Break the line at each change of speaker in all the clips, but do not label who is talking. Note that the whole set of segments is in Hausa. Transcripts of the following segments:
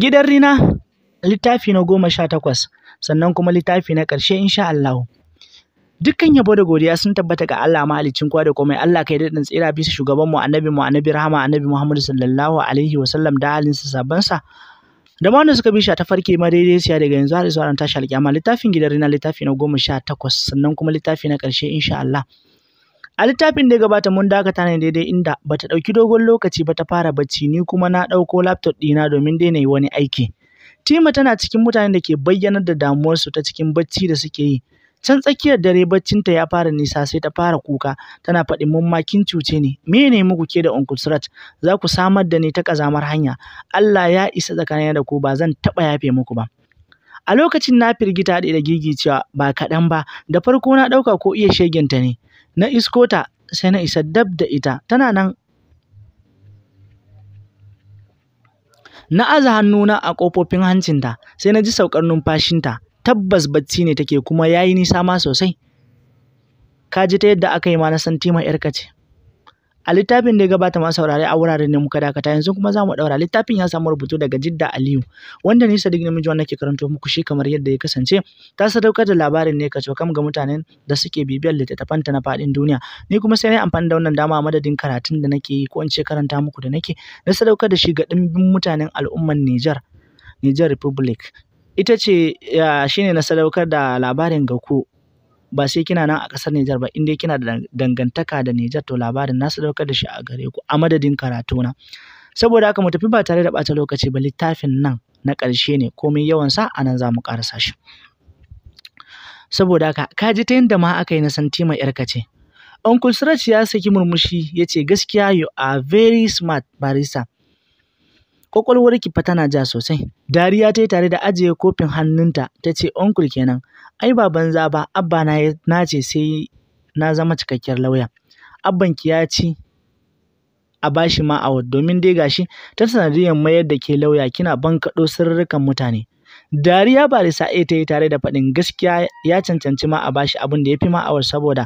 Gidan Rina littafi na goma sha takwas sannan kuma littafi na ƙarshe insha Allah Dukkan yabo da godiya sun tabbata ga Allah mahaliccin kowa da komai Allah kai daɗin tsira bisa shugaban mu annabi mu annabi rahama annabi Muhammad sallallahu alaihi wa sallam da halin sa sabban sa. Da ma wanda suka bi shi ta farke ma daidai siya daga yanzu har zuwa ran tashi alƙiyama littafin gidan Rina littafi na goma sha takwas sannan kuma littafi na ƙarshe insha Allah. A littafin da ya gabata mun dakata ne daidai inda bata ɗauki dogon lokaci ba ta fara bacci ni kuma na ɗauko laptop ɗina domin daina yi wani aiki. Tima tana cikin mutanen da ke bayyanar da damuwarsu ta cikin bacci da suke yi. Can tsakiyar dare baccinta ya fara nisa sai ta fara kuka tana faɗin mummakin cuce ne me ne muku ke da Uncle Surat za ku samar da ni ta ƙazamar hanya Allah ya isa tsakanin da ku ba zan taɓa yafe muku ba. A lokacin na firgita da da gigicewa ba kaɗan ba, da farko na ɗauka ko iya shegenta ne, na isko ta sai na isa dab da ita tana nan na aza hannuna a ƙofofin hancinta sai na ji saukar numfashinta tabbas bacci ne take kuma yayi nisa ma sosai ka ji ta yadda aka yi ma na san tima yarka ce a littafin da ya gabata masu saurare a wuraren ne muka dakata yanzu kuma za mu ɗaura littafin ya samu rubutu daga jidda aliyu wanda ni sadiq namiji wanda ke karanto muku shi kamar yadda ya kasance ta sadaukar da labarin ne kaco kam ga mutanen da suke bibiyar littattafanta na faɗin duniya ni kuma sai na amfani da wannan dama a madadin karatun da nake yi ko in ce karanta muku da nake na sadaukar da shi ga ɗimbin mutanen al'ummar Nijar Nijar Republic ita ce shine na sadaukar da labarin ga ku ba sai kina nan a ƙasar Nijar ba inda kina da dangantaka da Nijar to labarin na su daukar da shi a gare ku a madadin karatuna saboda haka mu tafi ba tare da ɓata lokaci ba littafin nan na ƙarshe ne komai yawan sa a nan za mu ƙarasa shi saboda haka ka ji ta yadda ma aka yi na santima yarka ce Uncle Suraj ya saki murmushi ya ce gaskiya you are very smart barista. ki fa tana ja sosai. Dariya ta yi tare da ajiye kofin hannunta ta ce uncle kenan. ai ba banza ba abba na na ce sai na zama cikakken lauya abban ki ya ci a bashi ma award domin dai gashi ta sanadiyar mayar da ke lauya kina ban kaɗo sirrukan mutane dariya barisa A ta yi tare da faɗin gaskiya ya cancanci ma a bashi abin da ya fi ma awar saboda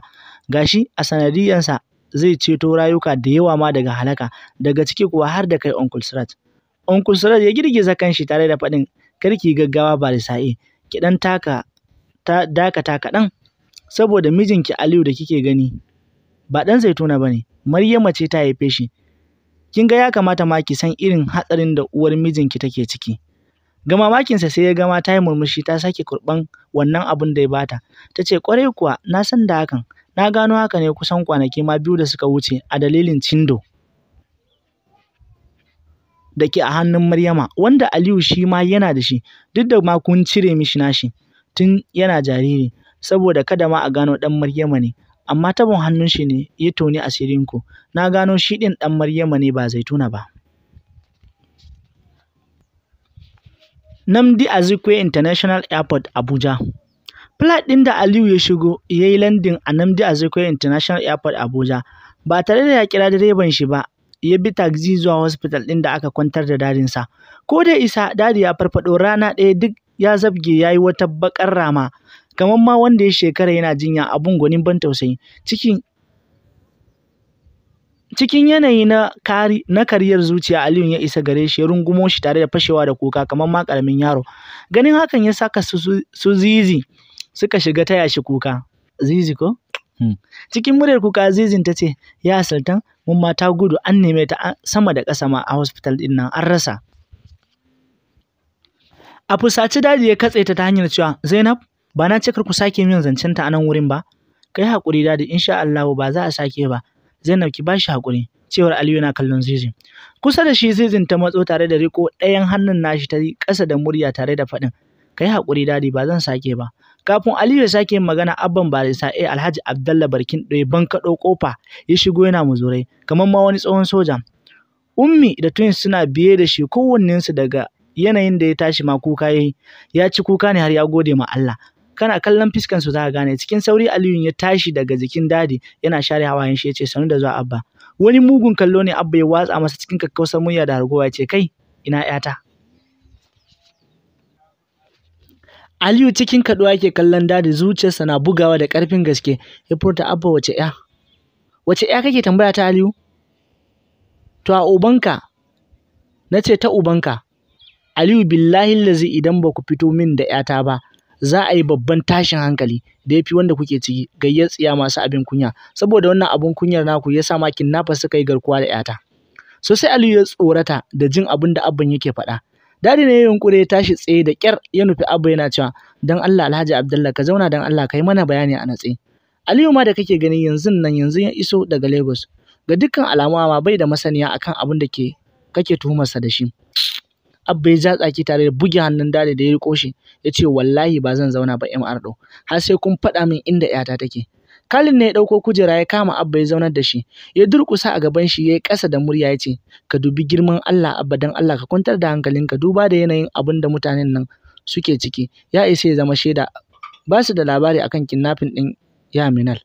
gashi a sa zai ceto rayuka da yawa ma daga halaka daga ciki kuwa har da kai Uncle Sirat. Uncle Sirat ya girgiza kanshi tare da faɗin karki gaggawa barisa A ki dan taka ta dakata kaɗan saboda mijinki Aliyu da kike gani ba ɗan zaituna ba ne, Maryama ce ta haife shi. Kin ga ya kamata ma ki san irin hatsarin da uwar mijinki take ciki. Ga makinsa sai ya gama ta yi murmushi ta sake kurban wannan abun da ya bata. Ta ce ƙwarai kuwa na san da hakan, na gano haka ne kusan kwanaki ma biyu da suka wuce a dalilin cindo. Da a hannun Maryama, wanda Aliyu shi ma yana da shi, duk da ma kun cire mishi nashi. tun yana jariri saboda kada ma a gano ɗan Maryama ne. Amma tabon hannun shi ne ya toni ku. na gano shi ɗin ɗan Maryama ne ba Zaituna ba. namdi Azikwe International Airport, Abuja Flight ɗin da Aliyu ya shigo ya yi landin a namdi Azikwe International Airport, Abuja ba tare da ya kira direban shi ba, ya bi taxi zuwa hospital ɗin da aka kwantar da dadinsa. Ko da isa, dadi ya farfado rana ɗaya duk ya zabge ya yi wata bakar rama kamar ma wanda ya shekara yana jinya abun gwanin ban tausayi cikin cikin yanayi na kari na kariyar zuciya Aliyu ya isa gare shi ya rungumo shi tare da fashewa da kuka kamar ma karamin yaro ganin hakan ya saka su, su zizi suka shiga taya shi kuka zizi ko hmm. cikin muryar kuka zizin ta ce ya sultan mun ma ta gudu an neme ta sama da kasama a hospital din nan an rasa A fusace dadi ya katse ta ta hanyar cewa Zainab ba na ce ku sake min zancen ta a nan wurin ba. Kai hakuri dadi insha Allah ba za a sake ba. Zainab ki bashi hakuri cewar Aliyu na kallon Zizi. Kusa da shi Zizin ta matso tare da riko ɗayan hannun nashi ta yi ƙasa da murya tare da faɗin. Kai hakuri dadi ba zan sake ba. Kafin Aliyu ya sake yin magana abban barisa eh Alhaji Abdalla Barkin ɗoye bankaɗo ƙofa ya shigo yana muzurai kamar ma wani tsohon soja. Ummi da Twins suna biye da shi kowannensu daga yanayin da ya tashi ma kuka yayi ya ci kuka ne har ya gode ma Allah kana kallon fiskan su za ka gane cikin sauri Aliyu ya tashi daga jikin dadi yana share hawayen shi yace sanu da zuwa abba wani mugun kallo ne abba ya watsa masa cikin kakkausar murya da hargowa yace kai ina yata Aliyu cikin kaduwa yake kallon dadi zuciyarsa na bugawa da karfin gaske ya furta abba wace ya wace ya kake tambaya ta Aliyu to a ubanka nace ta ubanka Aliyu billahi lazi idan ba ku fito min da ‘yata ba, za a yi babban tashin hankali da ya fi wanda kuke ciki gayyar tsiya masu abin kunya saboda wannan abin kunyar naku ya sa ma kidnappers suka yi garkuwa da ‘yata. So sai Aliyu ya tsorata da jin abin da abban yake faɗa. Dadi ne ya yunkure ya tashi tsaye da ƙyar ya nufi abba yana cewa dan Allah Alhaji Abdullahi ka zauna dan Allah kai mana bayani a natse. Aliyu ma da kake gani yanzu nan yanzu ya iso daga Lagos. Ga dukkan alamu ma bai da masaniya akan abin da ke kake tuhumarsa da shi. Abba ya ja tsaki tare da buge hannun dare da ya riko shi ya ce wallahi ba zan zauna ba MR ɗo har sai kun faɗa min inda ‘yata take. Kalin ne ya ɗauko kujera ya kama Abba ya zaunar da shi, ya durƙusa a gaban shi ya yi ƙasa da murya ya ce, Ka dubi girman Allah Abba don Allah ka kwantar da hankalinka duba da yanayin abin da mutanen nan suke ciki, ya isa ya zama shaida ba su da labari akan kidnapping ɗin Yaminal.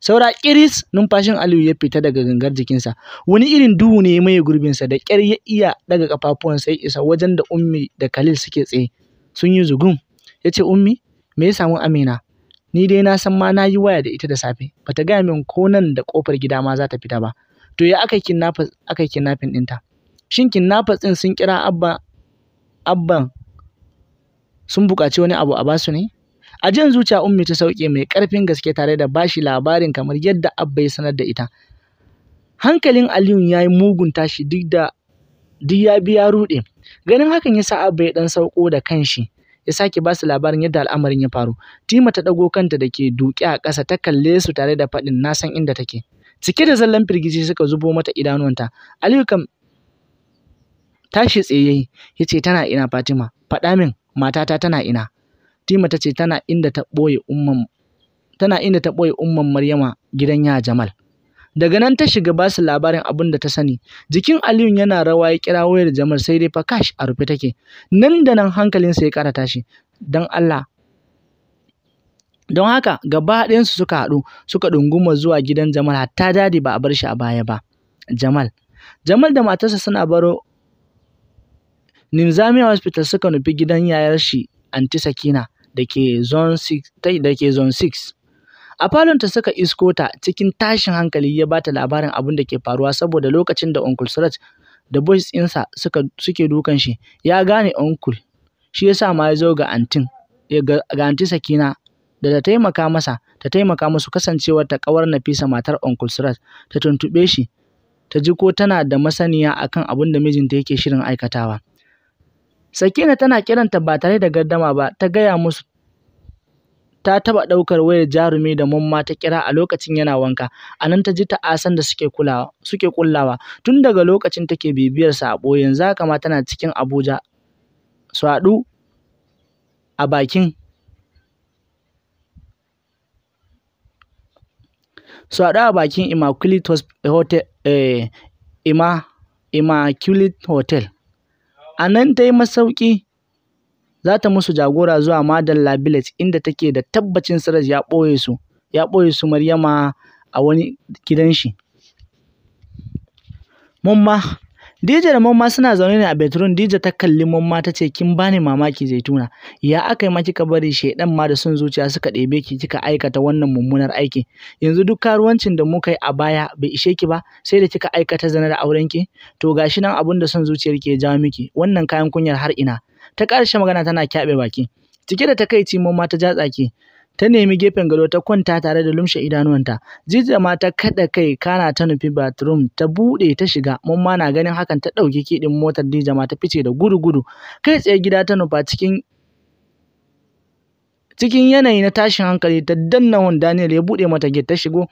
saura kiris numfashin Aliyu ya fita daga gangar jikinsa wani irin duhu ne mai gurbinsa da ƙyar ya iya daga kafafuwan sai isa wajen da ummi da Khalil suke tsaye sun yi zugun ya ce ummi me ya samu Amina ni dai na san ma na yi waya da ita da safe Ba ta gaya min ko nan da kofar gida ma za ta fita ba to ya aka yi aka kidnapping ɗinta shin kinnafas ɗin sun kira abba abban sun buƙaci wani abu a basu ne A jin zuciya Ummi ta sauke mai ƙarfin gaske tare da bashi labarin kamar yadda Abba ya sanar da ita. Hankalin Aliyu ya yi mugun tashi duk da duk ya biya ruɗe. Ganin hakan ya sa Abba ya ɗan sauko da kanshi. ya sake ba su labarin yadda al'amarin ya faru. Tima ta ɗago kanta da ke duƙe a ƙasa ta kalle su tare da faɗin na san inda take. Cike da zallan firgici suka zubo mata idanuwanta. Aliyu kam tashi tsaye ya ce tana ina Fatima, faɗa min matata tana ina. Fatima ta ce tana inda ta ɓoye umman tana inda ta ɓoye umman Maryama gidan ya Jamal. Daga nan ta shiga ba su labarin abin da ta sani. Jikin Aliyu yana rawa ya kira wayar Jamal sai dai fa kash a rufe take. Nan da nan hankalinsa ya ƙara tashi. Don Allah Don haka gaba ɗayansu suka haɗu suka ɗunguma zuwa gidan Jamal hatta dadi ba a bar shi a baya ba. Jamal Jamal da matarsa suna baro Nimzamiya Hospital suka nufi gidan yayar shi Anti Sakina da ke zone 6 da a falonta suka isko ta cikin tashin hankali ya bata labarin abin da ke faruwa saboda lokacin da uncle surat da boys ɗinsa suke dukan shi ya gane uncle shi yasa ma ya zo ga antin ga anti Sakina da ta taimaka masa ta taimaka musu kasancewar ta kawar Nafisa matar uncle surat ta tuntube shi ta ji ko tana da masaniya akan abin da mijinta yake shirin aikatawa Sakina tana kiranta ba tare da gardama ba ta gaya musu ta taɓa ɗaukar wayar jarumi da mumma ta kira a lokacin yana wanka. A nan ta ji ta'asan da suke kulawa, suke kullawa. Tun daga lokacin take sa a ɓoye, yanzu haka ma tana cikin Abuja. Su haɗu a bakin su haɗu a bakin Immaculate Hotel, eh, eh Immaculate Hotel. A nan ta yi masauki za ta musu jagora zuwa Madalla Village inda take da tabbacin Siraj ya ɓoye su, ya ɓoye su Maryama a wani gidan shi. Mamma Dija da Mamma suna zaune ne a betrun Dija ta kalli Mamma ta ce kin bani mamaki Zaituna ya aka yi ma kika bari shedan ma da son zuciya suka ɗebe ki kika aikata wannan mummunar aiki yanzu duk karuwancin da muka yi a baya bai ishe ki ba sai da kika aikata zanar aurenki. to gashi nan abin da son zuciyar ke jawo miki wannan kayan kunyar har ina ta ƙarshe magana tana kyaɓe baki cike da takaici mun ma ta ja tsaki ta nemi gefen gado ta kwanta tare da lumshe idanuwanta jijiya ma ta kada kai kana ta nufi bathroom ta bude ta shiga mun ma na ganin hakan ta ɗauki kidin motar jijiya ma ta fice da gudu gudu kai tsaye gida ta nufa cikin cikin yanayi na tashin hankali ta danna hon Daniel ya buɗe mata gate ta shigo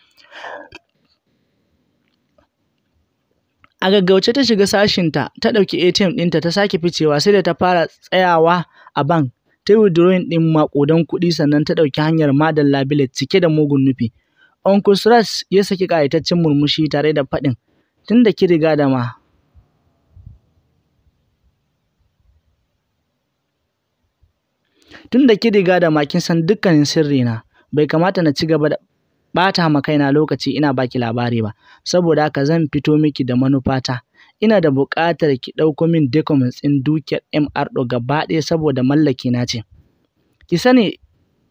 A gaggauce ta shiga sashinta, ta ɗauki ATM ɗinta ta sake ficewa sai da ta fara tsayawa a bank. Ta yi withdrawing ɗin maƙudan kuɗi sannan ta ɗauki hanyar madal labilet cike da mugun nufi. Uncle Suraj ya saki ƙayataccen murmushi tare da faɗin, tun da ki riga da ma. Tun da riga da makin san dukkanin sirrina, bai kamata na ci gaba da bata ma kaina lokaci ina baki labari ba saboda haka zan fito miki da manufata ina da buƙatar ki ɗauko min documents ɗin dukiyar MRO gaba ɗaya saboda mallaki na ce ki sani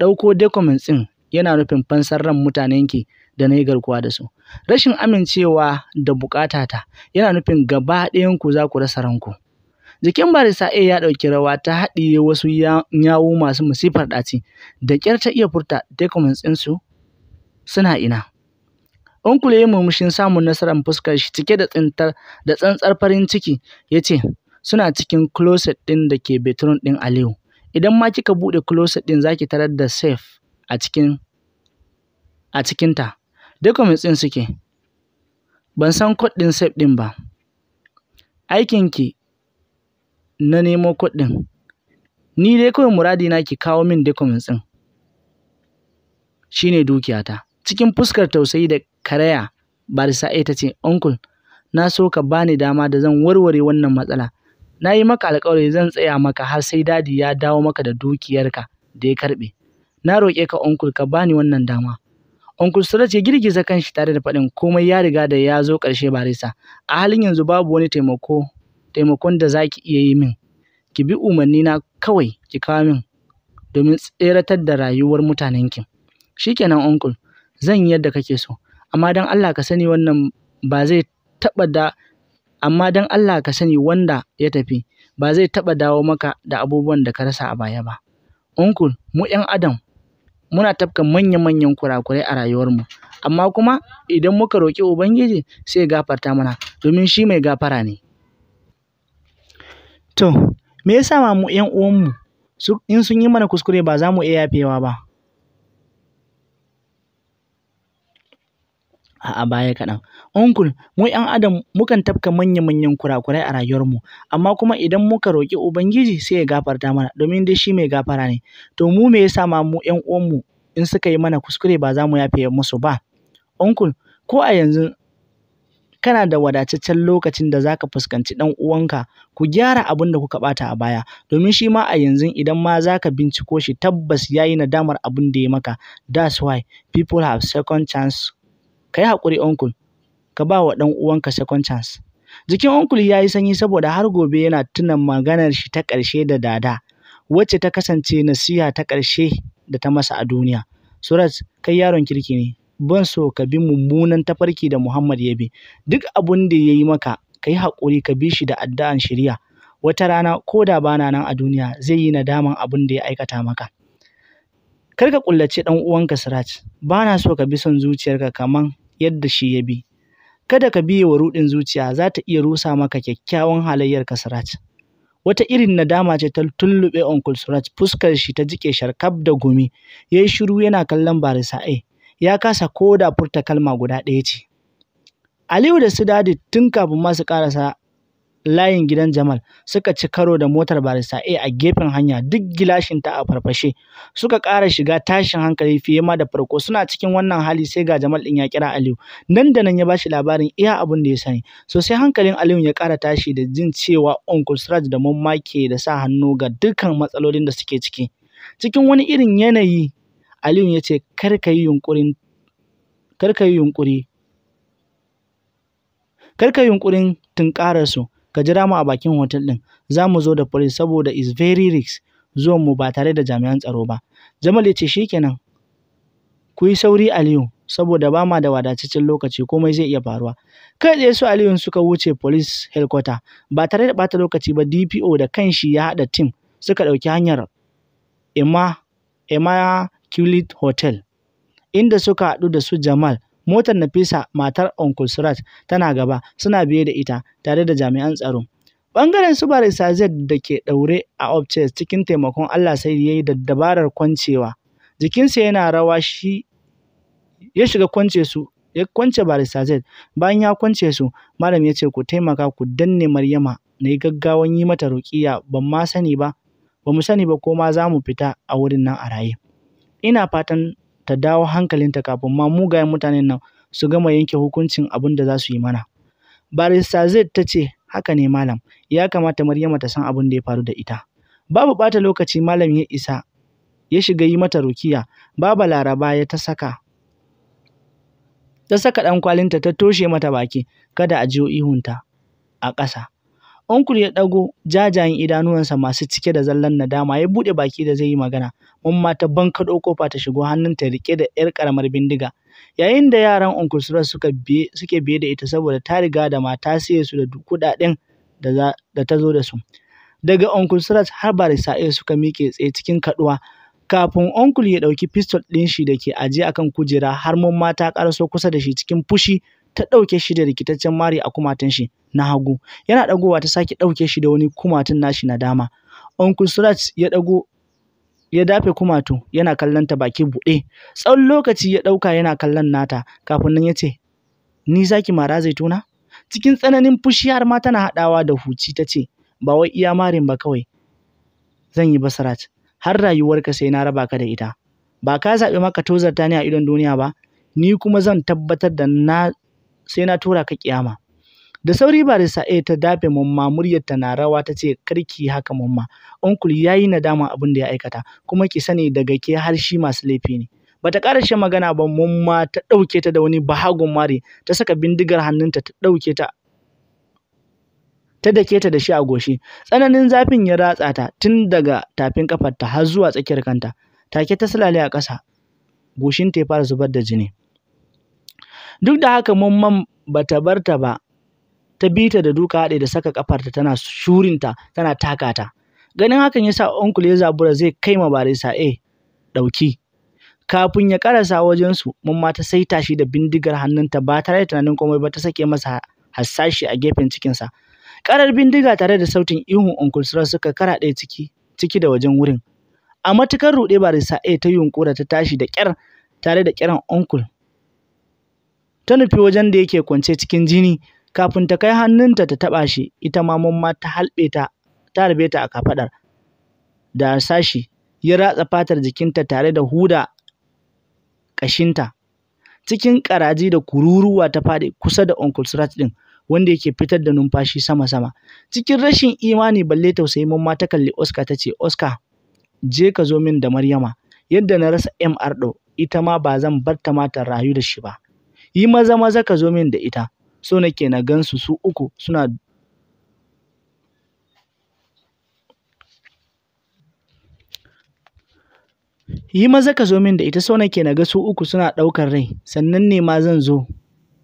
ɗauko documents ɗin yana nufin fansar ran mutanenki da na yi garkuwa da su rashin amincewa da buƙatata yana nufin gaba ɗayanku za ku rasa ranku jikin barisa A ya ɗauki rawa ta haɗiye wasu yawu masu musifar ɗaci da ƙyar ta iya furta documents ɗinsu suna ina. Uncle ya murmushin samun nasarar fuskar shi cike da tsintar da tsantsar farin ciki ya ce, suna cikin closet ɗin da ke bedroom ɗin Aliyu. Idan ma kika buɗe closet ɗin za ki tarar da safe a cikin a cikinta. Documents ɗin suke. Ban san code ɗin ɗin ba. Aikinki na nemo code Ni dai kawai muradi na ki kawo min documents ɗin. Shine dukiyata. Cikin fuskar tausayi da karaya, Barisa ita ce, Uncle, na so ka bani dama da zan warware wannan matsala. Na yi maka alkawari zan tsaya maka har sai dadi ya dawo maka da dukiyarka da ya karɓe. Na roƙe ka Uncle ka bani wannan dama. Uncle sura ya girgiza kan kanshi tare da faɗin komai ya riga da ya zo ƙarshe Barisa. A halin yanzu babu wani taimako taimakon da za ki iya yi min. Ki bi umarni na kawai ki kawo min domin tseratar da rayuwar mutanenki. Shikenan Uncle, zan yi yadda kake so amma dan Allah ka sani wannan ba zai taɓa da amma dan Allah ka sani wanda ya tafi ba zai taɓa dawo maka da abubuwan da ka rasa a baya ba uncle mu 'yan adam muna tafka manya-manyan kurakurai a rayuwarmu amma kuma idan muka roƙi ubangiji sai gafarta mana domin shi mai gafara ne to me yasa ma mu 'yan uwanmu in sun yi mana kuskure ba za mu iya yafewa ba a baya kaɗan. Uncle, mu ‘yan Adam mukan tafka manya-manyan kurakurai a rayuwarmu, amma kuma idan muka roƙi Ubangiji sai ya gafarta mana, domin dai shi mai gafara ne. To mu me yasa ma mu ‘yan uwanmu in suka yi mana kuskure ba za mu yafe musu ba? Uncle, ko a yanzu kana da wadataccen lokacin da zaka fuskanci ɗan uwanka ku gyara abin da kuka ɓata a baya domin shi ma a yanzu idan ma zaka binciko shi tabbas yayi nadamar abin da ya maka that's why people have second chance Ka yi haƙuri Uncle, ka ba wa ɗan uwanka second chance. Jikin Uncle ya yi sanyi saboda har gobe yana tuna maganar shi ta ƙarshe da Dada, wacce ta kasance nasiha ta ƙarshe da ta masa a duniya. Suraj, kai yaron kirki ne, ban so ka bi mummunan tafarki da Muhammad ya bi. Duk abun da ya yi maka, ka yi haƙuri ka bi shi da addu'an shirya. Wata rana ko da bana nan a duniya zai yi nadaman abun da ya aikata maka. Kar ka ƙullaci ɗan uwanka Suraj, bana so ka bi son zuciyarka kaman yadda shi ya bi. Kada ka biye wa ruɗin zuciya za ta iya rusa maka kyakkyawan halayyar Suraj. Wata irin nadama ce ta tullube Uncle Suraj fuskar shi ta jike sharkab da gumi, ya yi shiru yana kallon barisa A, ya kasa koda da furta kalma guda ɗaya ce. Aliyu da Sidadi tun kafin masu ƙarasa layin gidan Jamal suka ci karo da motar barista A a gefen hanya duk gilashin ta a farfashe. Suka ƙara shiga tashin hankali fiye ma da farko suna cikin wannan hali sai ga Jamal din ya kira Aliyu. Nan da nan ya bashi labarin iya abin da ya sani. So sai hankalin Aliyu ya ƙara tashi da jin cewa Uncle Siraj da Mamma ke da sa hannu ga dukkan matsalolin da suke ciki. Cikin wani irin yanayi Aliyu ya ce kar ka yi yunƙurin kar ka yi yunkuri kar ka yi ka jira mu a bakin hotel ɗin za mu zo da police saboda is very risk zuwan mu ba tare da jami'an tsaro ba jamal ya ce shikenan ku yi sauri aliyu saboda ba ma da wadataccen lokaci komai zai iya faruwa kai tsaye su Aliyu suka wuce police headquarter ba tare da bata lokaci ba dpo da kanshi ya haɗa team suka ɗauki hanyar emma emma Kulit Hotel, inda suka haɗu da su Jamal Motar Nafisa matar Uncle Surat tana gaba suna biye da ita tare da jami'an tsaro. Bangaren su barista Z da ke daure a upstairs cikin taimakon Allah sai yayi da dabarar kwancewa. Jikinsa yana rawa shi ya shiga kwance su ya kwance barista Z bayan ya kwance su malam ya ce ku taimaka ku danne Maryama na yi gaggawan yi mata ruƙiya ban ma sani ba ba mu sani ba ko ma za mu fita a wurin nan a raye. Ina fatan ta dawo hankalinta kafin ma mugayen mutanen nan su gama yanke hukuncin abin da za su yi mana. Barista Z ta ce, haka ne malam, ya kamata Maryama ta san abin da ya faru da ita. Babu ɓata lokaci malam ya isa, ya shiga yi mata rukiya, baba laraba ya ta saka. Ta saka ɗan kwalinta ta toshe mata baki, kada a jiyo ihunta a ƙasa. Uncle ya ɗago jajayen idanuwansa masu cike da zallan nadama ya buɗe baki da zai yi magana. Mamma ta bankaɗo ƙofa ta shigo hannunta riƙe da 'yar ƙaramar bindiga. Yayin da yaran Uncle Surat suka biye, suke biye da ita saboda ta riga da mata ta siye su da kuɗaɗen da ta zo da su. Daga Uncle Surat har sa'ir suka miƙe tsaye cikin kaɗuwa. Kafin Uncle ya ɗauki pistol ɗin shi da ke ajiye a kan kujera har Mamma ta ƙaraso kusa da shi cikin fushi ta ɗauke shi da rikitaccen mari a kumatun shi na hagu yana ɗagowa ta sake ɗauke shi da wani kumatun nashi na dama uncle suraj ya ɗago ya dafe kumatu yana kallon ta baki buɗe tsawon lokaci ya ɗauka yana kallon nata kafin nan ya ce ni zaki mara zaituna cikin tsananin fushi har ma tana haɗawa da huci ta ce ba wai iya marin ba kawai zan yi basarat har rayuwarka sai na raba ka da ita ba ka zaɓi maka tozarta ni a idon duniya ba ni kuma zan tabbatar da na sai na tura ka kiyama Da sauri da Sa'a ta dafe mumma muryarta na rawa ta ce karki haka mumma. Onkul ya yi nadama abin da ya aikata kuma ki sani daga ke har shi masu laifi ne. Bata ƙara shan magana ba mumma ta ɗauke ta da wani bahagun mare ta saka bindigar hannunta ta ɗauke ta ta dake ta da shi a goshi. Tsananin zafin ya ratsa ta tun daga tafin kafarta har zuwa tsakiyar kanta. Take ta salale a ƙasa. Goshinta ya fara zubar da jini. Duk da haka Mamman ba ta bar ta ba, ta bi da duka haɗe da saka ƙafarta tana shurinta tana taka ta. Ganin hakan ya sa ya zabura zai kai ma barisa eh ɗauki. Kafin ya ƙarasa wajensu, mamma ta saita shi da bindigar hannunta ba tare da tunanin komai ba ta sake masa hassashi a gefen cikinsa. Karar bindiga tare da sautin ihun uncle sura suka karaɗe ciki ciki da wajen wurin. A matukar ruɗe barisa eh ta yunkura ta tashi da ƙyar tare da ƙiran uncle ta nufi wajen da yake kwance cikin jini kafin ta kai hannunta ta taɓa shi ita ma mamma ta halbe ta ta harbe ta a kafaɗar da sashi ya ratsa fatar jikinta tare da huda ƙashinta cikin karaji da kururuwa ta faɗi kusa da Uncle Surat ɗin wanda yake fitar da numfashi sama-sama. Cikin rashin imani balle tausayi mamma ta kalli Oscar ta ce, Oscar, je ka zo min da Maryama, yadda na rasa MR ɗo, ita ma ba zan bar ta rayu da shi ba. yi maza maza ka zo min da ita so nake na gan su su uku suna yi maza ka zo min da ita so nake na ga su uku suna ɗaukar rai sannan ne ma zan zo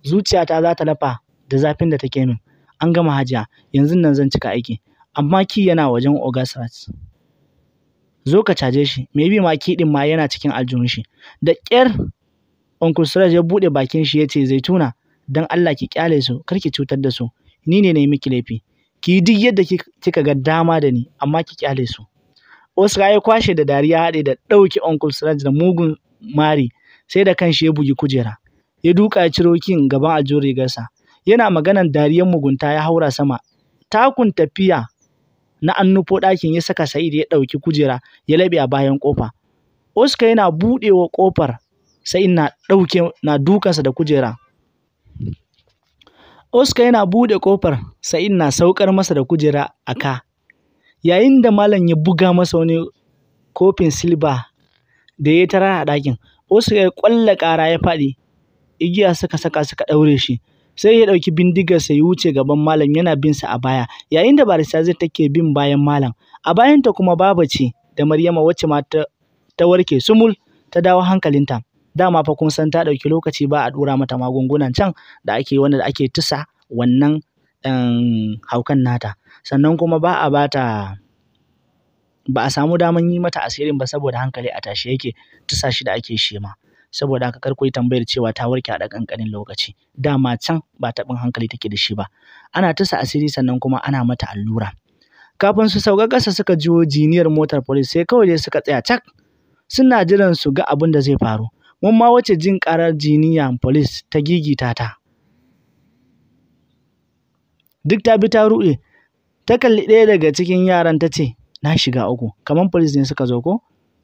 zuciyata za ta lafa da zafin da take min an gama hajiya yanzu nan zan cika aiki amma ki yana wajen ogasrat zo ka caje shi maybe ma ki din ma yana cikin aljihun shi da ƙyar Uncle Suraj ya buɗe bakin shi ya ce zaituna don Allah ki kyale su kar ki cutar da su ni ne na yi miki laifi ki duk yadda kika ga dama da ni amma ki kyale su Oscar ya kwashe da dariya haɗe da ɗauki Uncle Suraj da mugun mari sai da kanshi ya bugi kujera ya duka ciro kin gaban ajo rigarsa yana maganan dariyan mugunta ya haura sama takun tafiya na annufo ɗakin ya saka Sa'id ya ɗauki kujera ya laɓe a bayan ƙofa Oscar yana buɗewa ƙofar sai ina ɗauke na dukansa da kujera Oscar yana buɗe kofar. sai na saukar masa da kujera a ka yayin da malam ya buga masa wani kofin silba da ya tara a ɗakin Oscar ya ƙwalla ƙara ya faɗi igiya suka saka suka ɗaure shi sai ya ɗauki bindigarsa ya wuce gaban malam yana bin sa a baya yayin da barista zai take bin bayan malam a bayanta kuma babu ce da Maryama wacce ma ta, ta warke sumul ta dawo hankalinta dama fa kun san ta ɗauki lokaci ba a ɗora mata magungunan can da ake wanda da ake tusa wannan um, haukan nata sannan kuma ba a bata ba a samu daman yi mata asirin ba saboda hankali a tashi yake tusa shi da ake shema saboda haka kar ku yi tambayar cewa ta warke a ƙanƙanin lokaci dama can ba taɓin hankali take da shi ba ana tusa asiri sannan kuma ana mata allura kafin su sauka ƙasa suka jiwo jiniyar motar Police sai kawai dai suka tsaya cak suna jiran su ga abin da zai faru mun ma wuce jin ƙarar jiniya police ta gigita ta. Duk ta bi ta ruɗe, ta kalli ɗaya daga cikin yaran ta ce, na shiga uku, kamar police ne suka zo ko?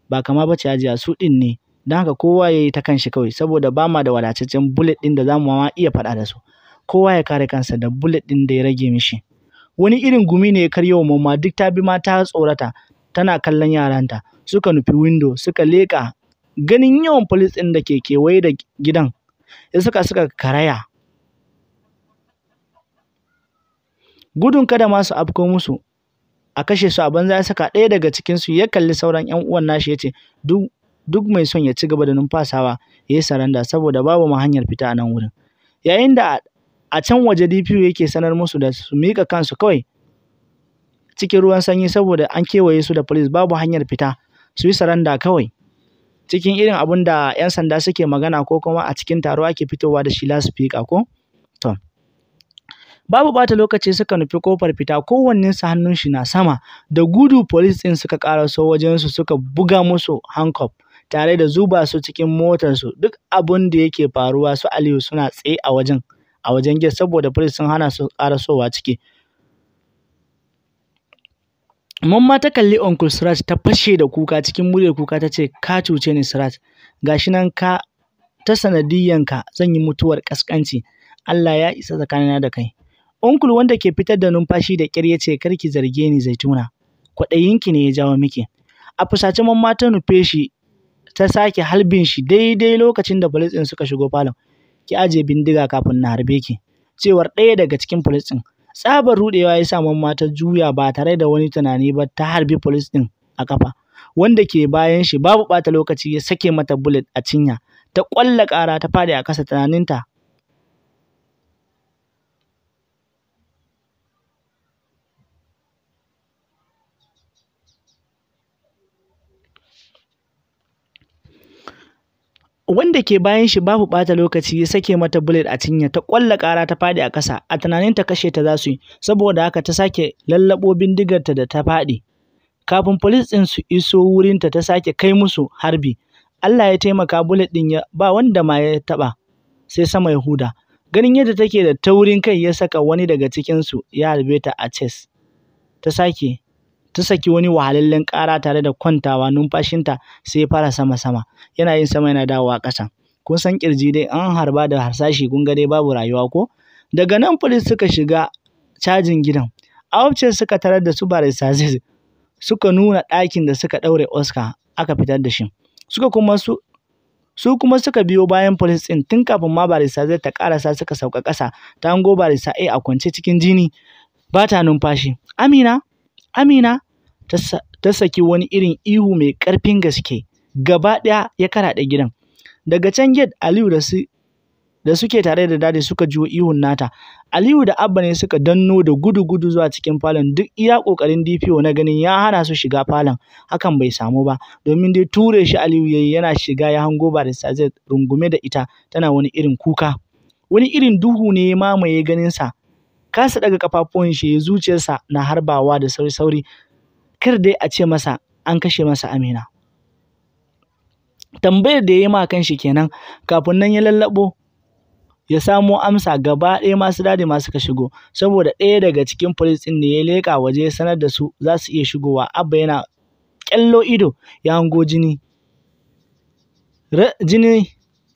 Ba kama ba ce a su ɗin ne, don haka kowa ya yi ta kanshi kawai, saboda ba ma da wadataccen bullet ɗin da za mu ma iya faɗa da su. Kowa ya kare kansa da bullet ɗin da ya rage mishi. Wani irin gumi ne ya karyo wa mamma duk ta bi ma ta tsorata, tana kallon yaranta. Suka nufi window, suka leƙa ganin yawan polis ɗin da ke kewaye da gidan ya saka suka karaya gudun kada ma su afko musu a kashe su a banza ya saka ɗaya daga cikinsu ya kalli sauran 'yan uwan nashi ya ce duk mai son ya ci gaba da numfasawa ya yi saranda saboda babu ma hanyar fita a nan wurin yayin da a can waje DPO yake sanar musu da su mika kansu kawai cikin ruwan sanyi saboda an kewaye su da polis babu hanyar fita su yi saranda kawai cikin irin abun da 'yan sanda suke magana ko kuma a cikin taro ake fitowa da shi lasifika ko? To, babu bata lokaci suka nufi kofar fita kowannensu hannun shi na sama da gudu police ɗin suka wajen wajensu suka buga musu handcuff tare da zuba su cikin motar su duk abun da yake faruwa su Aliyu suna tsaye a wajen a wajen saboda police sun hana su ƙara sowa ciki. Mamma ta kalli Uncle Sirat ta fashe da kuka cikin muryar kuka ta ce, Ka cuce ni Ga gashi nan ka ta sanadiyyanka zan yi mutuwar ƙasƙanci, Allah ya isa tsakanina da kai. Uncle wanda ke fitar da numfashi da ƙyar ce, Kar ki zarge ni zaituna, kwaɗayinki ne ya jawo miki. A fusace mamma ta nufe shi ta sake halbin shi daidai lokacin da police suka shigo falon. Ki aje bindiga kafin na harbe ki, cewar ɗaya daga cikin police Tsabar ruɗewa ya sa Mamman mata juya ba tare da wani tunani ba ta harbi police ɗin a kafa. Wanda ke bayan shi babu ɓata lokaci ya sake mata bullet a cinya. Ta ƙwalla ƙara ta faɗi a ƙasa tunaninta wanda ke bayan shi babu bata lokaci ya sake mata bullet a cinya ta kwalla kara ta fadi a kasa a tunanin ta kashe ta zasu yi saboda haka ta sake lallaɓo bindigarta da ta fadi. kafin police ɗin su iso wurin ta ta sake kai musu harbi Allah ya taimaka bullet ɗin ya ba wanda ma ya taba sai sama ya huda. ganin yadda take da taurin kai ya saka wani daga cikin su ya albeta a chest ta sake ta saki wani wahalallen ƙara tare da kwantawa numfashinta sai fara sama-sama yana yin sama yana dawowa ƙasa kun san kirji dai an harba da harsashi kun ga dai babu rayuwa ko daga nan fulis suka shiga cajin gidan awabce suka tarar da su barista suka nuna ɗakin da suka ɗaure oscar aka fitar da shi suka kuma su su kuma suka biyo bayan polis ɗin tun kafin ma barista zai ta ƙarasa suka sauka ƙasa ta hango barista a a kwance cikin jini ba ta numfashi amina amina ta saki wani irin ihu mai ƙarfin gaske, gaba ɗaya ya karaɗe gidan. Daga can gate Aliyu da suke tare da dadi suka jiwo ihun nata. Aliyu da Abba ne suka danno da gudu-gudu zuwa cikin falon duk iya ƙoƙarin DPO na ganin ya hana su shiga falon hakan bai samu ba domin dai ture shi Aliyu yayi yana shiga ya hango barista zai rungume da ita tana wani irin kuka. Wani irin duhu ne ya mamaye sa kasa daga kafafuwan shi zuciyarsa na harbawa da sauri-sauri kar dai a ce masa an kashe masa Amina. Tambayar da ya yi ma shi kenan kafin nan ya lallabo ya samo amsa gaba ɗaya masu dade masu ka shigo saboda ɗaya daga cikin polis ɗin ne ya leƙa waje ya sanar da su za su iya shigowa abba yana ƙyallo ido ya hango jini jini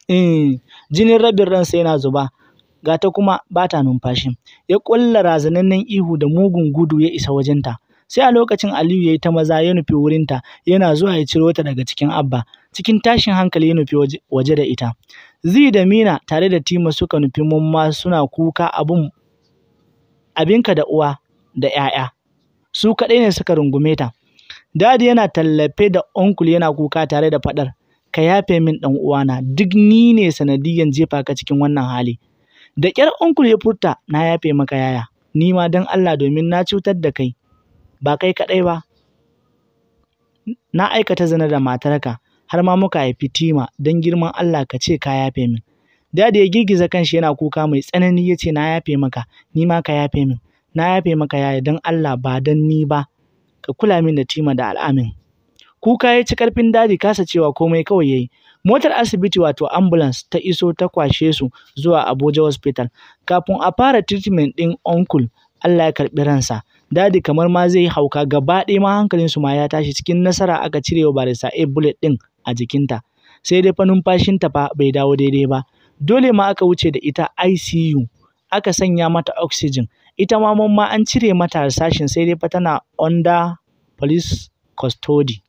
eh, jinin rabin ransa yana zuba gata kuma bata numfashi ya ƙulla razanannen ihu da mugun gudu ya isa wajenta Sai a lokacin Aliyu ya yi ta maza ya nufi wurinta, yana zuwa ya ciro ta daga cikin Abba. Cikin tashin hankali ya nufi waje da ita. Zi da Mina tare da Tima suka nufi mumma suna kuka abun abinka da uwa da ‘ya'ya. Su kaɗai ne suka rungume ta. Dadi yana tallafe da onkul yana kuka tare da faɗar, ka yafe min ɗan uwana, duk ni ne sanadiyan jefa ka cikin wannan hali. Da ƙyar onkul ya furta, na yafe maka yaya, ni ma don Allah domin na cutar da kai. ba kai kaɗai ba na aikata zina da matarka har ma muka haifi tima don girman Allah ka ce ka yafe min dadi ya girgiza kanshi yana kuka mai tsanani ya ce na yafe maka ni ma ka yafe min na yafe maka yaya don Allah ba don ni ba ka kula min da tima da al'amin kuka ya ci karfin dadi kasa cewa komai kawai ya yi. motar asibiti wato ambulance ta iso ta kwashe su zuwa Abuja hospital kafin a fara treatment ɗin uncle Allah ya karbi ransa dadi kamar ma zai yi hauka gaba ɗaya ma hankalin su ma ya tashi cikin nasara aka cire wa barista a bullet ɗin a jikinta sai dai fa numfashin ta fa bai dawo daidai ba dole ma aka wuce da ita ICU aka sanya mata oxygen ita ma ma an cire mata sashin sai dai fa tana under police custody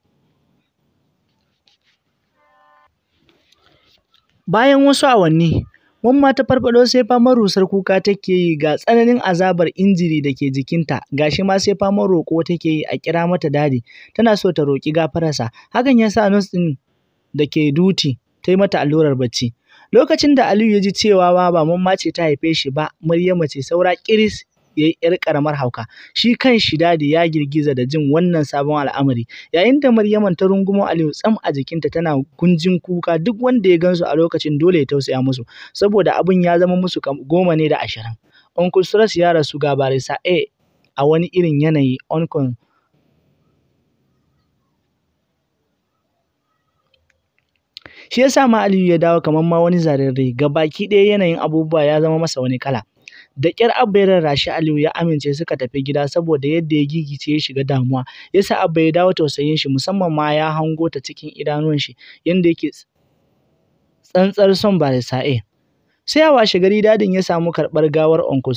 bayan wasu awanni Mamma ta farfaɗo sai famar rusar kuka take yi ga tsananin azabar injiri da ke jikinta, ga shi ma sai famar roƙo take yi a kira mata dadi, tana so ta roƙi gafararsa. Hakan ya sa nurse ɗin da ke duti ta yi mata allurar bacci. Lokacin da Aliyu ya ji cewa ba mamma ce ta haife shi ba, Maryama ce saura kiris yayi yar karamar hauka shi kan shi dadi ya girgiza da jin wannan sabon al'amari yayin da Maryaman ta rungumo Aliyu tsam a jikinta tana gunjin kuka duk wanda ya gansu a lokacin dole ya tausaya musu saboda abin ya zama musu goma ne da ashirin Uncle Stress ya rasu ga barisa A a wani irin yanayi Uncle shi ya sa ma Aliyu ya dawo kamar ma wani zararre ga baki ɗaya yanayin abubuwa ya zama masa wani kala Da ƙyar Abba ya shi Aliyu ya amince suka tafi gida saboda yadda ya gigice ya shiga damuwa. yasa sa Abba ya dawo tausayin shi musamman ma ya hango ta cikin idanuwan shi yadda yake tsantsar son ba da sa'e Sai a washe gari dadin ya samu karɓar gawar Uncle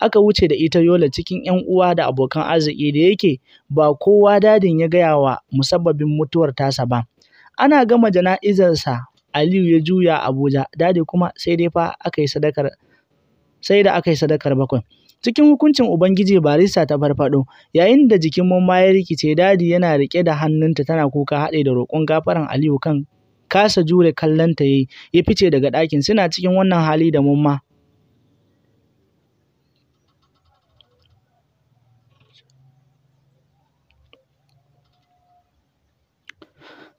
Aka wuce da ita Yola cikin ‘yan uwa da abokan arziki da yake ba kowa dadin ya gaya wa musabbabin mutuwar tasa ba. Ana gama jana'izarsa Aliyu ya juya Abuja, dadi kuma sai dai fa aka yi sadakar sai da aka yi sadakar bakwai. Cikin hukuncin Ubangiji Barisa ta farfaɗo, yayin da jikin Mamma ya rikice dadi yana riƙe da hannunta tana kuka haɗe da roƙon gafaran Aliyu kan kasa jure kallonta yayi ya fice daga ɗakin suna cikin wannan hali da Mamma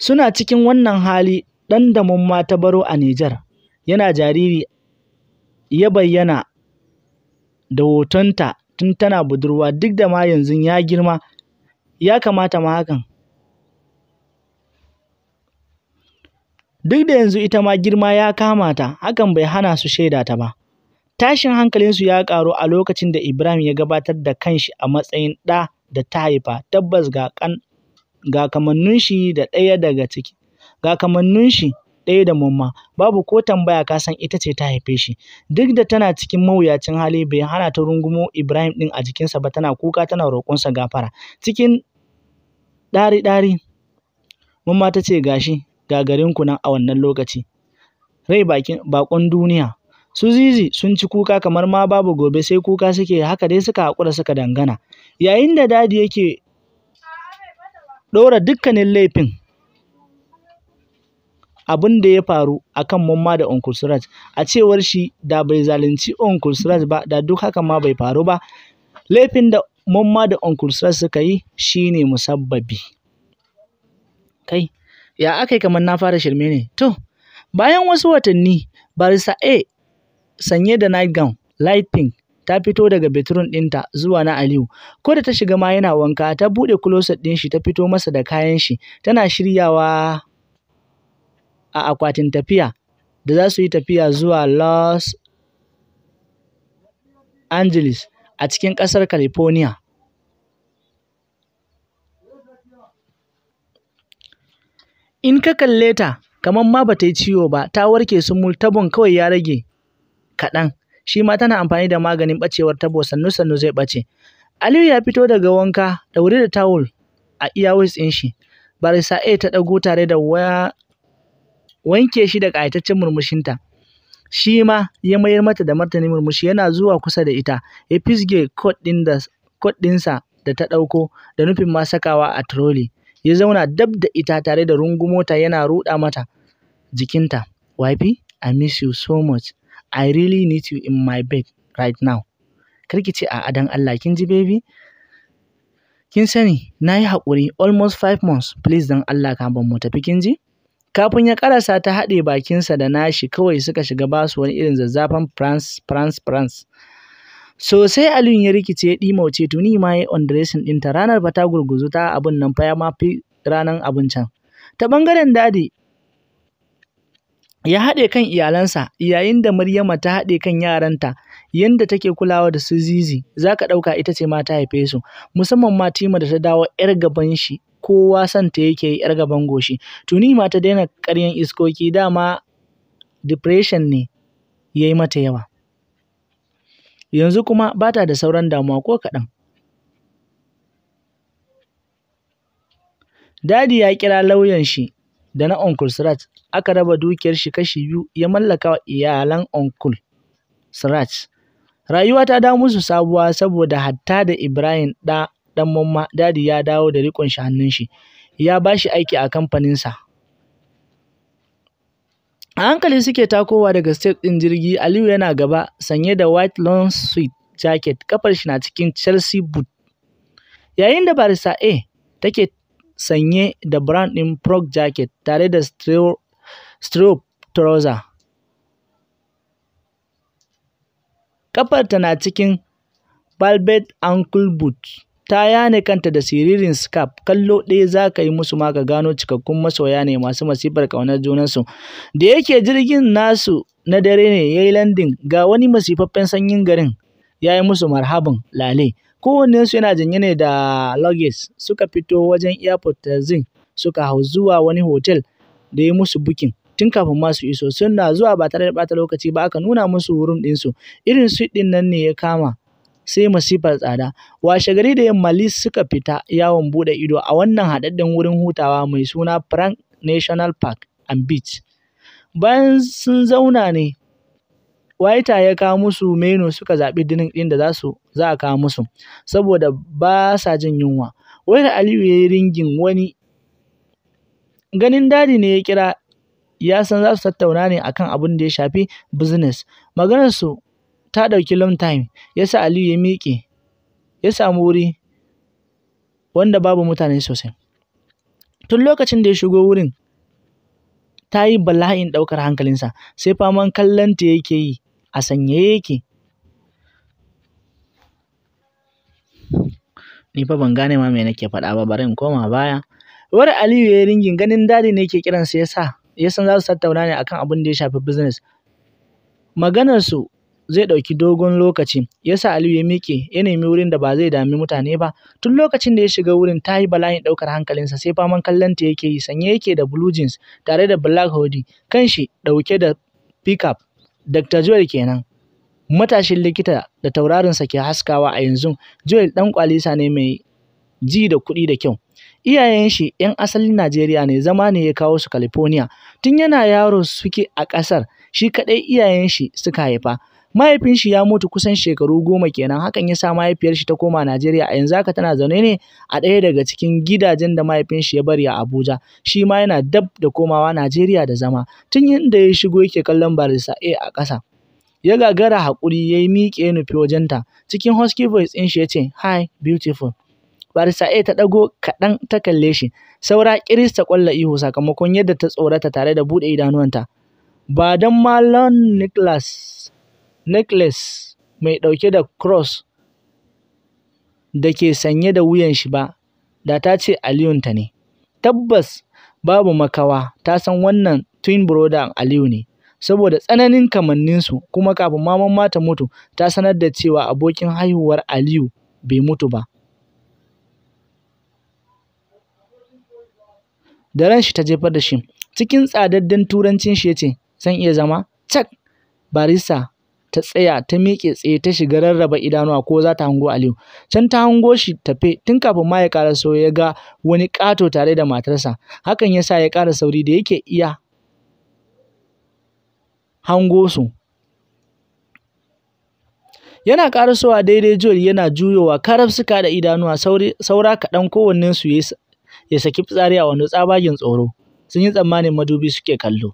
suna cikin wannan hali ɗan da Mamma ta baro a Nijar yana jariri ya bayyana da hotonta tun tana budurwa duk da ma yanzu ya girma ya kamata ma hakan duk da yanzu ita ma girma ya kamata, hakan bai hana su shaida ta ba tashin hankalinsu ya ƙaru a lokacin da Ibrahim ya gabatar da kanshi a matsayin ɗa da ta haifa tabbas ga kan ga kamannin shi da ɗaya daga ciki ga kamannin shi ɗaya da mamma babu ko tambaya ka san ita ce ta haife shi duk da tana cikin mawuyacin hali bai hana ta rungumo Ibrahim ɗin a jikinsa ba tana kuka tana roƙonsa gafara cikin ɗari ɗari mamma ta ce gashi gagarinku nan a wannan lokaci rai bakin bakon duniya su zizi sun ci kuka kamar ma babu gobe sai kuka suke haka dai suka haƙura suka dangana yayin da dadi yake ɗora dukkanin laifin abin da ya faru a kan Mamma da Uncle Suraj. A cewar shi da bai zalunci Uncle Suraj ba da duk haka ma bai faru ba. Laifin da Mamma da Uncle Suraj suka yi shine musabbabi. Kai, ya aka yi kamar na fara shirme ne? To, bayan wasu watanni, Barista A sanye da nightgown, light pink, ta fito daga bedroom ɗinta zuwa na Aliyu. Ko da ta shiga ma yana wanka, ta buɗe closet ɗin shi ta fito masa da kayan shi, tana shiryawa a akwatin tafiya da za su yi tafiya zuwa Los Angeles a cikin ƙasar California. In ka kalle ta kamar ma ba ta yi ciwo ba ta warke sun tabon kawai ya rage kaɗan shi ma tana amfani da maganin ɓacewar tabo sannu sannu zai ɓace. Aliyu ya fito daga wanka da wuri da tawul a iya ɗin shi. Barisa ta ɗago tare da waya wanke shi da ƙayataccen murmushinta. Shi ma ya mayar mata da martani murmushi yana zuwa kusa da ita, ya fisge kod ɗinsa da ta ɗauko da nufin ma sakawa a troli. Ya zauna dab da ita tare da rungumota yana ruɗa mata jikinta. Wifi, I miss you so much. I really need you in my bed right now. ki ce a adan Allah, kin ji baby? Kin sani, na yi haƙuri almost five months, please Dan Allah kafin mu tafi kin ji? Kafin ya karasa ta haɗe bakinsa da nashi kawai suka shiga basu wani irin zazzafan France, France, France. Sosai Aliyun ya rikice ya ɗimauce tuni ma ya underesting ɗinta ranar ba ta gurguzu ta abin nan fa ya ma fi ranar abin can. Ta ɓangaren dadi ya haɗe kan iyalansa yayin da Maryama ta haɗe kan yaranta yanda take kulawa da su Zizi za ka ɗauka ita ce ma ta haife su musamman ma Tima da ta dawo ‘yar gaban shi kowa santa yake yar gaban goshi tuni ma ta daina karyan iskoki dama depression ne yayi mata yawa yanzu kuma bata da sauran damuwa ko kaɗan dadi ya kira lauyan shi da na uncle Sirat aka raba dukiyar shi kashi biyu ya mallaka wa iyalan uncle surat Rayuwa ta da musu sabuwa saboda hatta da Ibrahim ɗa ɗan mamma dadi ya dawo da rikon shi hannun shi ya ba shi aiki a kamfaninsa a hankali suke takowa daga state ɗin jirgi aliyu yana gaba sanye da white long suit jacket kafar shi na cikin chelsea boot yayin da barisa a take sanye da brand ɗin prog jacket tare da strip trouser kafar ta na cikin velvet ankle boot ta yane kanta da siririn scarf kallo ɗaya za ka yi musu ma ka gano cikakkun masoya ne masu masifar ƙaunar junansu da yake jirgin nasu na dare ne ya yi landin ga wani masifaffen sanyin garin ya yi musu marhabin lale kowannensu yana janye ne da luggage suka fito wajen airport zin suka hau zuwa wani hotel da ya musu bukin tun kafin masu iso suna zuwa ba tare da ɓata lokaci ba aka nuna musu wurin ɗinsu irin suit ɗin nan ne ya kama sai masifar tsada. Washe gari da yamma Lis suka fita yawon bude ido a wannan haɗaɗɗen wurin hutawa mai suna Frank National Park and Beach. Bayan sun zauna ne, waita ya kawo musu menu suka zaɓi dinin ɗin da za su za a musu saboda ba sa jin yunwa. waita Aliyu ya yi ringin wani ganin dadi ne ya kira ya san za su tattauna ne akan abin da ya shafi business. Maganarsu ta ɗauki long time ya sa Aliyu ya miƙe ya samu wuri wanda babu mutane sosai tun lokacin da ya shigo wurin ta yi bala'in ɗaukar hankalinsa sai faman kallon yake yi a sanyaye yake ni fa ban gane ma me nake faɗa ba bari in koma baya wani Aliyu ya yi ringin ganin dadi ne ke kiransa yasa ya san za su tattauna ne akan abin da ya shafi business maganar su zai ɗauki dogon lokaci. Ya sa Aliyu ya miƙe ya nemi wurin da ba zai dami mutane ba. Tun lokacin da ya shiga wurin ta yi bala'in ɗaukar hankalinsa sai faman kallon ta yake yi sanye yake da blue jeans tare da black hoodie shi ɗauke da pickup. Dr. Joel kenan. Matashin likita da taurarinsa ke haskawa a yanzu, Joel ɗan kwalisa ne mai ji da kuɗi da kyau. Iyayen shi ‘yan asalin Najeriya ne zama ne ya kawo su California. Tun yana yaro suke a ƙasar, shi kaɗai iyayen shi suka haifa. mahaifin shi ya mutu kusan shekaru goma kenan hakan yasa mahaifiyar shi ta koma Najeriya a yanzu haka tana zaune ne a ɗaya daga cikin gidajen da mahaifin shi ya bari a Abuja shi ma yana dab da komawa Najeriya da zama tun inda ya shigo yake kallon barista A a ƙasa ya gagara haƙuri ya yi miƙe nufi wajenta cikin husky voice ɗin shi ya ce hi beautiful Barisa A ta ɗago kaɗan ta kalle shi, saura Kirista ta ihu sakamakon yadda ta tsorata tare da buɗe idanuwanta. Ba don Malon Nicholas Necklace mai ɗauke da cross da ke sanye da wuyan shi ba, da ta ce Aliyunta ne. Tabbas babu makawa ta san wannan twin brother Aliyu ne, saboda tsananin kamanninsu kuma kafin maman ma ta mutu ta sanar da cewa abokin haihuwar Aliyu bai mutu ba. Da shi ta jefar da shi, cikin tsadadden Turancin shi ya ce, zan iya zama? Cak! Barista ta tsaya ta miƙe tsaye ta shiga rarraba idanuwa ko za ta hango Aliyu. Can ta hango shi tafe tun kafin ma ya ƙara so ya ga wani ƙato tare da matarsa. Hakan ya sa ya ƙara sauri da yake iya hango su. Yana ƙara ƙarasowa daidai Joel yana juyowa karaf suka da idanuwa saura kaɗan kowannensu ya saki fitsari a wani tsabagen tsoro. Sun yi tsammanin madubi suke kallo.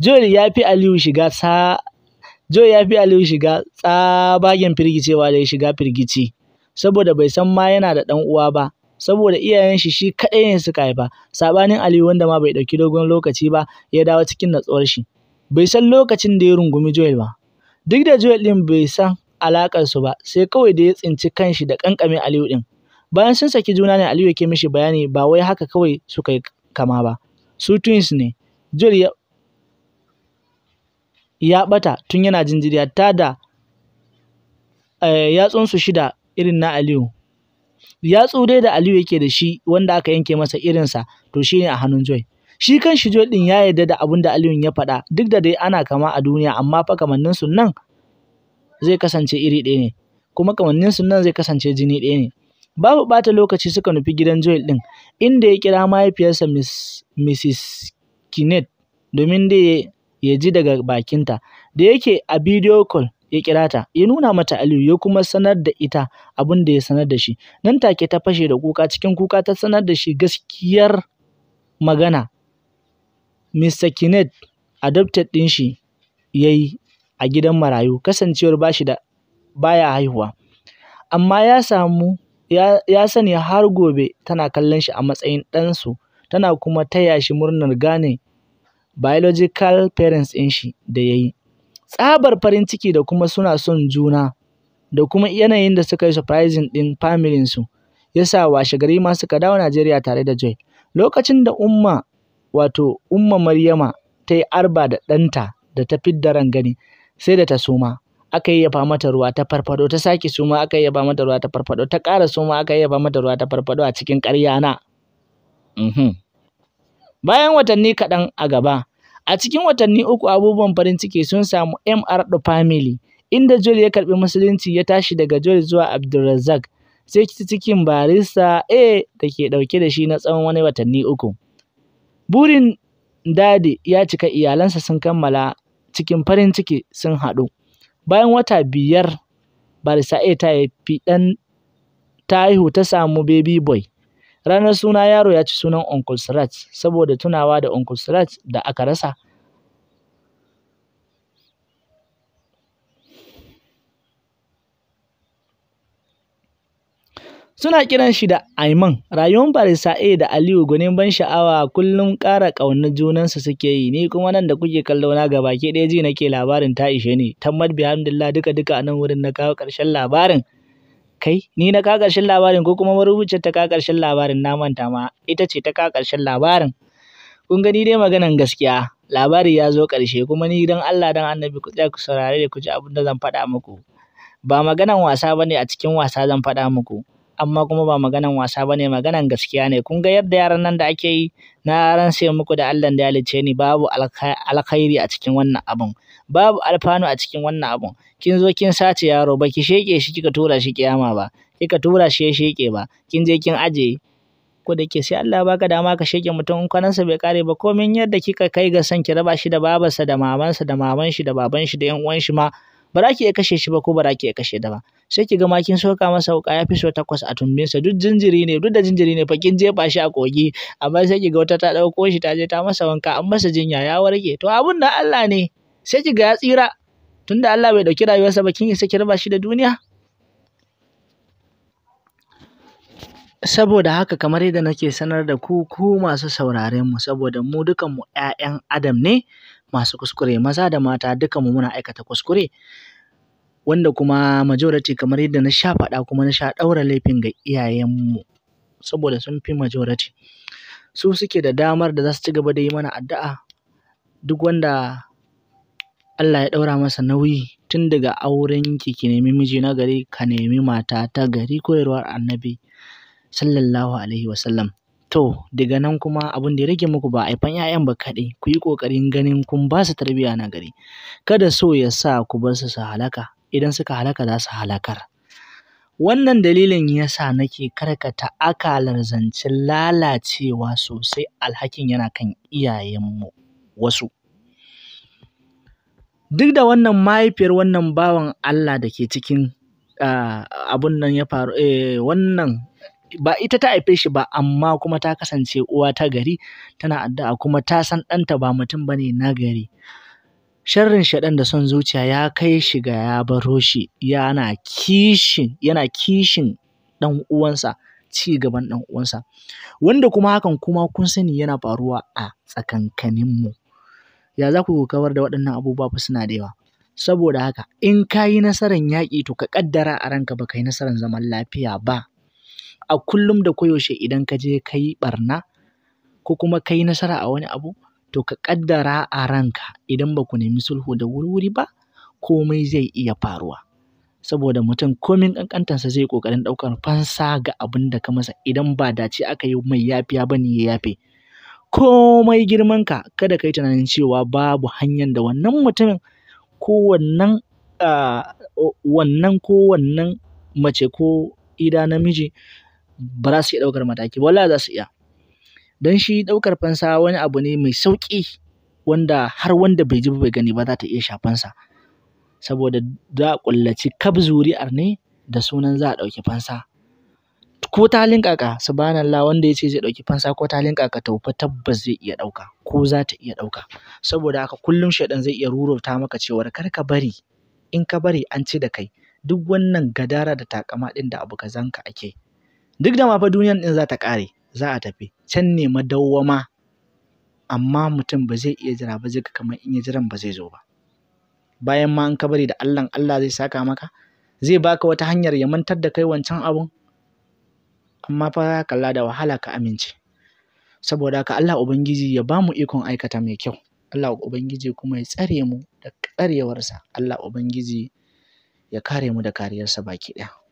Joel ya fi Aliyu shiga sa Joe ya fi Aliyu shiga tsabagen firgicewa da ya shiga firgici, saboda bai san ma yana da ɗan uwa ba, saboda iyayen shi shi kaɗai ne suka haifa, saɓanin Aliyu wanda ma bai ɗauki dogon lokaci ba ya dawo cikin natsuwar shi. Bai san lokacin da ya rungumi Joel ba. Duk da Joel ɗin bai san alaƙarsu ba, sai kawai da ya tsinci kanshi da ƙanƙame Aliyu ɗin. Bayan sun saki juna ne Aliyu ya ke mishi bayani ba wai haka kawai suka yi kama ba, su twins ne. Joel ya ɓata tun yana jinjiri hatta da eh, yatsunsu shida irin na Aliyu. Yatsu dai da Aliyu yake da shi wanda aka yanke masa irinsa to shi ne a hannun Joy. Shi kan shi Joy ɗin ya yarda da abin da Aliyu ya faɗa duk da dai ana kama a duniya amma fa kamanninsu nan zai kasance iri ɗaya ne kuma kamanninsu nan zai kasance jini ɗaya ne. Babu ɓata lokaci suka nufi gidan joy ɗin, inda ya kira mahaifiyarsa Mrs. Kinet domin dai ya ji daga bakinta. Da yake a bidiyo kol ya kira ta, ya nuna mata Aliyu ya kuma sanar da ita abin da ya sanar da shi. Nan take ta fashe da kuka cikin kuka ta sanar da shi gaskiyar magana. Mr. Kinet, adopted ɗin shi ya yi a gidan marayu kasancewar bashi da baya haihuwa. Amma ya samu ya, ya sani har gobe tana kallon shi a matsayin ɗansu tana kuma taya shi murnar gane biological parents ɗin shi da ya yi. Tsabar farin ciki da kuma suna son juna da kuma yanayin da suka yi surprising ɗin familinsu ya sa gari ma suka dawo Najeriya tare da Joy. Lokacin da Umma wato Umma Maryama ta yi arba da ɗanta da ta fidda gani, sai da ta suma. aka yi yaba mata ruwa ta farfado ta sake suma aka yi yaba mata ruwa ta farfado ta ƙara suma aka yi yaba mata ruwa ta farfado a cikin ƙarya na. Uhm. Bayan watanni kaɗan a gaba, a cikin watanni uku abubuwan farin ciki sun samu Mr da family, inda Joel ya karɓi Musulunci ya tashi daga Joel zuwa Abdulrazak, sai cikin barista A da ke ɗauke da shi na tsawon wani watanni uku. Burin Dade ya cika iyalansa sun kammala cikin farin ciki sun haɗu. Bayan wata biyar, barista A ta haifi ɗan ta haihu ta samu baby boy. Ranar suna yaro ya ci sunan Uncle Sirat saboda tunawa da Uncle Sirat da aka rasa. Suna kiran shi da Aiman, rayuwar Barisa A da Aliyu gwanin ban sha'awa kullum ƙara ƙaunar junansu suke yi, ni kuma nan da kuke kallo na ke ɗaya ji nake labarin ta ishe ni, tabbas bihamdillah duka-duka a nan wurin na kawo ƙarshen labarin. Kai, ni na ka labarin ko kuma marubuciyar ta ka labarin na manta ma, ita ce ta ka labarin. Kun gani dai maganan gaskiya, labari ya zo ƙarshe kuma ni dan Allah dan Annabi ku tsaya ku saurare da ku ji abin da zan faɗa muku. Ba maganan wasa bane a cikin wasa zan faɗa muku. amma kuma ba maganan wasa ba ne maganan gaskiya ne kun ga yadda yaran nan da ake yi na ranse muku da Allah da lice ni babu alkhairi a cikin wannan abun babu alfanu a cikin wannan abun kin zo kin sace yaro ba ki sheke shi kika tura shi kiyama ba kika tura shi ya sheke ba kin je kin aje ko da ke sai Allah baka dama ka sheke mutum in kwanansa bai kare ba komin yadda kika kai ga son ki raba shi da babarsa da mamansa da maman shi da baban shi da yan uwan shi ma ba za ki iya kashe shi ba ko ba za ki iya kashe da ba sai ki ga ma kin soka masa wuka ya fi so takwas a tumbinsa duk jinjiri ne duk da jinjiri ne fa kin jefa shi a kogi amma sai ki ga wata ta ɗauko shi ta je ta masa wanka an masa jinya ya warke to abun da Allah ne sai ki ga ya tsira tunda Allah bai ɗauki rayuwarsa ba kin isa ki raba shi da duniya saboda haka kamar yadda nake sanar da ku ku masu sauraren mu saboda mu dukan mu ƴaƴan adam ne masu kuskure maza da mata dukan mu muna aikata kuskure wanda kuma majority kamar yadda na sha faɗa kuma na sha ɗaura laifin ga iyayenmu saboda sun fi majority su suke da damar da za su ci gaba da yi mana addu'a duk wanda Allah ya ɗaura masa nauyi tun daga auren ki nemi miji na gari ka nemi mata ta gari koyarwar annabi sallallahu alaihi wasallam to daga nan kuma abin da ya rage muku ba aifan 'ya'yan ba kaɗai ku yi ƙoƙarin ganin kun ba su tarbiyya na gari kada so ya sa ku bar su su halaka idan suka halaka za su halakar wannan dalilin ya yasa nake karkata akalar zancen lalacewa sosai alhakin yana kan iyayenmu wasu duk da wannan mahaifiyar wannan bawan Allah da ke cikin abun nan ya faru eh, wannan ba ita ta haife shi ba amma kuma ta kasance uwa ta gari tana addu'a kuma ta san ɗanta ba mutum bane na gari sharrin shaɗan da son zuciya ya kai shi ga ya baro shi yana kishin yana kishin ɗan uwansa ci gaban ɗan uwansa wanda kuma hakan kuma kun sani yana faruwa a tsakankanin mu ya za ku kawar da waɗannan abubuwa fa suna da yawa saboda haka in ka yi nasarar yaƙi to ka ƙaddara a ranka ba ka yi nasarar zaman lafiya ba a kullum da koyaushe idan ka je ka yi ɓarna ko kuma ka yi nasara a wani abu to ka ƙaddara a ranka idan ba ku nemi sulhu da wuri ba komai zai iya faruwa saboda mutum komin ƙanƙantarsa zai ƙoƙarin ɗaukar fansa ga abin da ka masa idan ba dace aka yi mai yafiya ba ne ya yafe komai girmanka kada ka yi tunanin cewa babu hanyar da wannan mutumin ko wannan wannan ko wannan mace ko ida namiji ba za su iya ɗaukar mataki ba za su iya Don shi ɗaukar fansa wani abu ne mai sauƙi wanda har wanda bai ji bai gani ba za ta iya shafansa. Saboda za a ƙullaci kaf zuri'ar ne da sunan za a ɗauki fansa. Ko talin ƙaƙa, subhanallah wanda ya ce zai ɗauki fansa ko talin ƙaƙa to fa tabbas zai iya ɗauka ko za ta iya ɗauka. Saboda haka kullum shaiɗan zai iya rurauta maka cewar kar ka bari, in ka bari an ci da kai. Duk wannan gadara da takama ɗin da abu kazanka ake. Duk da ma fa duniyan ɗin za ta ƙare. za a tafi can ne madawwama amma mutum ba zai iya jira ba zai ga kamar in ya jiran ba zai zo ba bayan ma in ka bari da allah Allah zai saka maka zai baka wata hanyar ya mantar da kai wancan abun amma fa kalla da wahala ka amince saboda haka Allah ubangiji ya bamu ikon aikata mai kyau Allah ubangiji kuma ya tsare mu da tsarewarsa Allah ubangiji ya kare mu da kariyarsa baki ɗaya